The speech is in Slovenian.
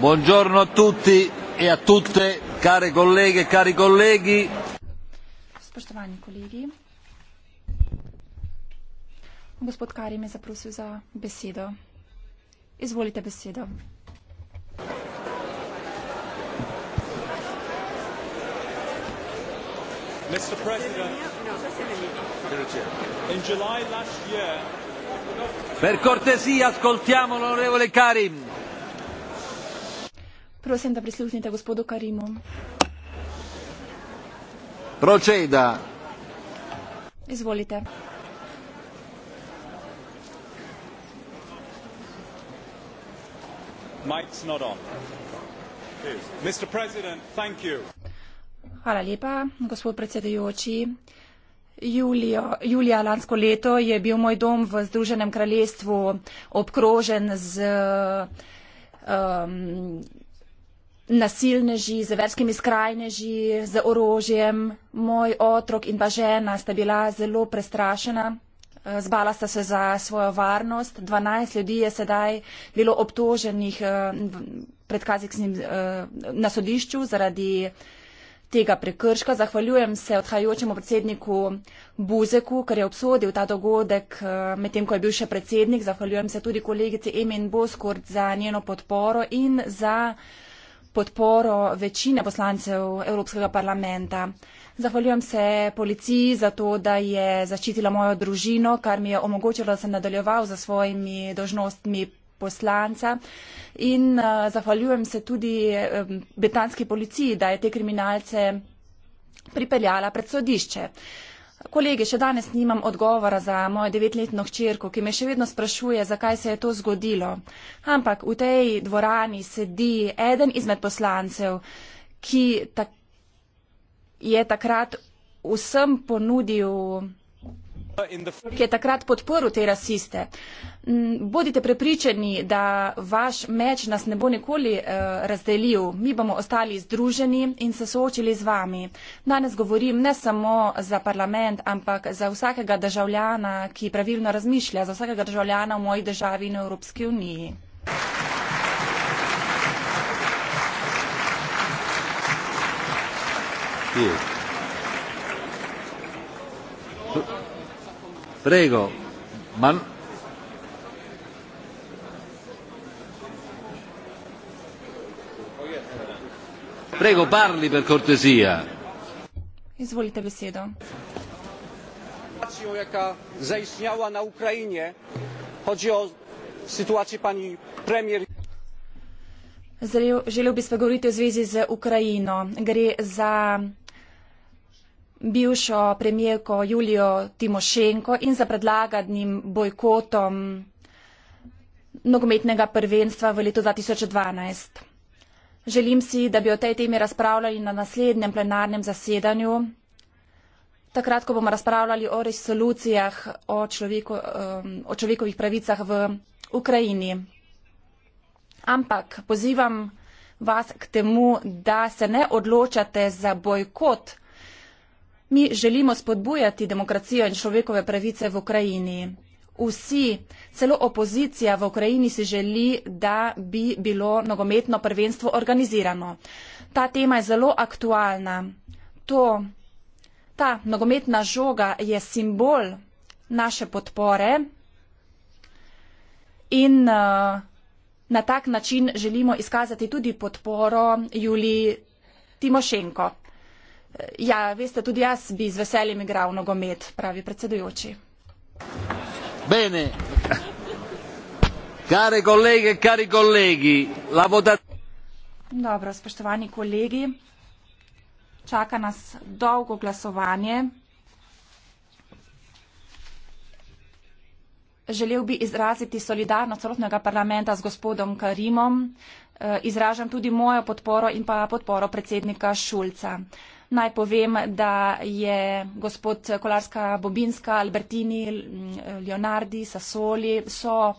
Buongiorno a tutti e a tutte, care colleghe e cari colleghi. Spoštovani kolegi, gospod Karim je zaprosil za besedo. Izvolite besedo. Mr. President, no, no, in July last year, Per cortesia, ascoltiamo l'onorevole Karim. Prosim, da prisluhnite gospodu Karimu. Proceda. Izvolite. Mike's not on. Mr. President, thank you. Hvala lepa, gospod predsedujoči. Uh, Julijo, julija lansko leto je bil moj dom v Združenem kraljestvu obkrožen z um, nasilneži, z verskimi skrajneži, z orožjem. Moj otrok in pa žena sta bila zelo prestrašena. Zbala sta se za svojo varnost. 12 ljudi je sedaj bilo obtoženih uh, pred kazikskim uh, na sodišču zaradi tega prekrška. Zahvaljujem se odhajajočemu predsedniku Buzeku, ker je obsodil ta dogodek, eh, medtem ko je bil še predsednik. Zahvaljujem se tudi kolegici Emin Boskort za njeno podporo in za podporo večine poslancev Evropskega parlamenta. Zahvaljujem se policiji za to, da je zaščitila mojo družino, kar mi je omogočilo, da sem nadaljeval za svojimi dožnostmi poslanca. In uh, zahvaljujem se tudi um, eh, betanski policiji, da je te kriminalce pripeljala pred sodišče. Kolegi, še danes nimam odgovora za mojo devetletno hčerko, ki me še vedno sprašuje, zakaj se je to zgodilo. Ampak v tej dvorani sedi eden izmed poslancev, ki ta je takrat vsem ponudil ki je takrat podporil te rasiste. Mm, bodite prepričani, da vaš meč nas ne bo nikoli eh, razdelil. Mi bomo ostali združeni in se soočili z vami. Danes govorim ne samo za parlament, ampak za vsakega državljana, ki pravilno razmišlja, za vsakega državljana v moji državi in Evropski uniji. Thank you. sytuacją jaka zaistniała na ukrainie chodzi o sytuację pani premier želel bi spregovoriti v zvezi z ukrajino gre za bivšo premijerko Julijo Timošenko in za predlaganim bojkotom nogometnega prvenstva v letu 2012. Želim si, da bi o tej temi razpravljali na naslednjem plenarnem zasedanju, takrat, ko bomo razpravljali o resolucijah o, človeku, um, o človekovih pravicah v Ukrajini. Ampak pozivam vas k temu, da se ne odločate za bojkot Mi želimo spodbujati demokracijo in človekove pravice v Ukrajini. Vsi, celo opozicija v Ukrajini si želi, da bi bilo nogometno prvenstvo organizirano. Ta tema je zelo aktualna. To, ta nogometna žoga je simbol naše podpore in uh, na tak način želimo izkazati tudi podporo Juliji Timošenko. Ja, veste, tudi jaz bi z veseljem igral nogomet, pravi predsedujoči. Bene. Kare kolege, kari e kolegi, la votat... Dobro, spoštovani kolegi, čaka nas dolgo glasovanje. Želel bi izraziti solidarnost celotnega parlamenta z gospodom Karimom, eh, izražam tudi mojo podporo in pa podporo predsednika Šulca. Naj povem, da je gospod Kolarska Bobinska, Albertini, Leonardi, Sassoli so